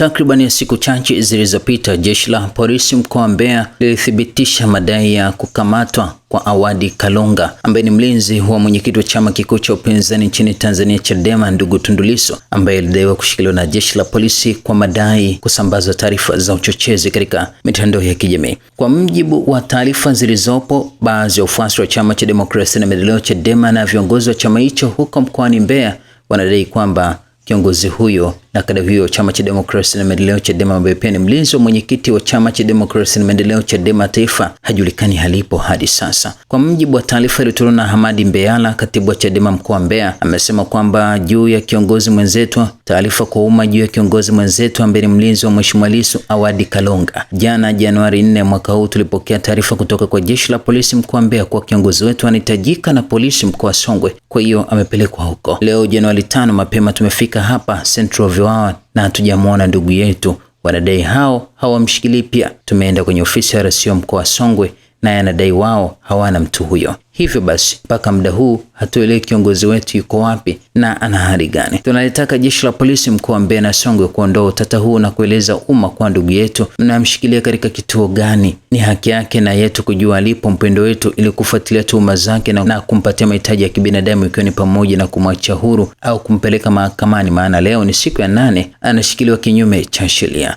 Takriban siku chache zilizopita, jeshi la polisi mkoa wa Mbeya lilithibitisha madai ya kukamatwa kwa Awadi Kalonga ambaye ni mlinzi wa mwenyekiti wa chama kikuu cha upinzani nchini Tanzania Chadema, ndugu Tundu Lissu ambaye alidaiwa kushikiliwa na jeshi la polisi kwa madai kusambaza taarifa za uchochezi katika mitandao ya kijamii. Kwa mjibu wa taarifa zilizopo, baadhi ya wafuasi wa chama cha demokrasia na maendeleo Chadema na viongozi wa chama hicho huko mkoani Mbeya wanadai kwamba kiongozi huyo na kada hiyo chama cha demokrasia na maendeleo Chadema, ambaye pia ni mlinzi wa mwenyekiti wa chama cha demokrasia na maendeleo Chadema taifa hajulikani halipo hadi sasa. Kwa mjibu wa taarifa iliyotolewa na Hamadi mbeala katibu wa Chadema mkoa wa Mbeya, amesema kwamba juu ya kiongozi mwenzetu, taarifa kwa umma juu ya kiongozi mwenzetu ambaye ni mlinzi wa mheshimiwa Lissu Awadi Kalonga, jana Januari 4 mwaka huu tulipokea taarifa kutoka kwa jeshi la polisi mkoa wa Mbeya kwa kiongozi wetu anahitajika na polisi mkoa wa Songwe, kwa hiyo amepelekwa huko. Leo Januari 5 mapema tumefika hapa Central walivyouawa na hatujamwona ndugu yetu. Wanadai hao hawamshikilii pia. Tumeenda kwenye ofisi ya RCO mkoa wa Songwe naye yanadai wao hawana mtu huyo. Hivyo basi mpaka muda huu hatuelewi kiongozi wetu yuko wapi na ana hali gani. Tunalitaka jeshi la polisi mkoa wa Mbeya na Songwe kuondoa utata huu na kueleza umma kwa ndugu yetu mnamshikilia katika kituo gani. Ni haki yake na yetu kujua alipo mpendo wetu, ili kufuatilia tuhuma zake na, na kumpatia mahitaji ya kibinadamu, ikiwa ni pamoja na kumwachia huru au kumpeleka mahakamani, maana leo ni siku ya nane anashikiliwa kinyume cha sheria.